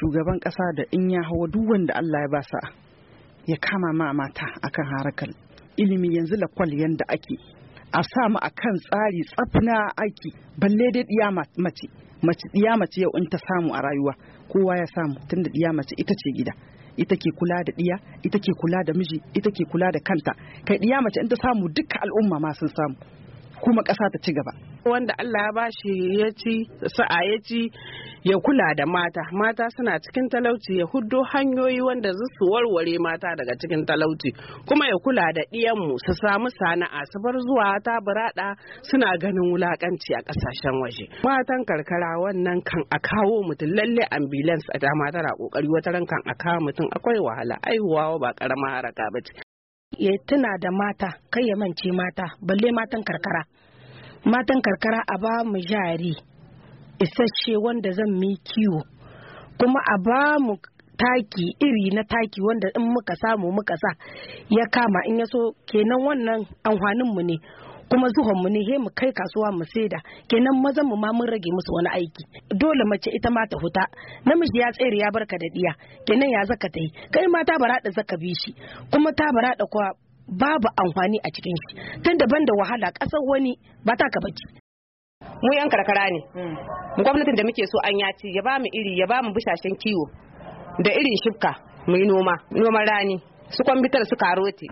shugaban kasa da in ya hawa duk wanda Allah ya ba sa ya kama ma mata akan harakal ilimi yanzu lakwal yanda ake a samu akan tsari tsafna aiki balle dai ɗiya mace mace diya mace yau in ta samu a rayuwa kowa ya samu tunda ɗiya mace ita ce gida ita ke kula da ɗiya ita ke kula da miji ita ke kula da kanta kai ɗiya mace in ta samu duka al'umma ma sun samu kuma ƙasa ta ci gaba wanda Allah ya bashi ya ci sa'a ya ci ya kula da mata mata suna cikin talauci ya huddo hanyoyi wanda za su warware mata daga cikin talauci kuma ya kula da ɗiyanmu su samu sana'a su bar zuwa ta burada suna ganin wulakanci a kasashen waje matan karkara wannan kan a kawo mutum lalle ambulance a dama tana kokari wata ran kan a kawo mutum akwai wahala aihuwa ba karama haraka ba ce ya tuna da mata kai ya mance mata balle matan karkara matan karkara a ba mu jari isasshe wanda zan mi kiwo kuma a ba mu taki iri na taki wanda in muka samu muka sa ya kama in ya so kenan wannan amfaninmu ne kuma zuhon mu ne mu kai kasuwa mu saida kenan mazan mu ma mun rage musu wani aiki dole mace ita ma ta huta namiji ya tsere ya barka da diya kenan ya zaka ta yi kai ma ta bara da zaka bi shi kuma ta bara da kwa babu amfani a cikin shi tun daban da wahala ƙasar wani ba ta ka bace mu yan karkara ne mm. gwamnatin da muke so an yaci ya ba mu iri ya ba mu bushashen kiwo da irin shifka mu yi noma noman rani su kwambitar su karoti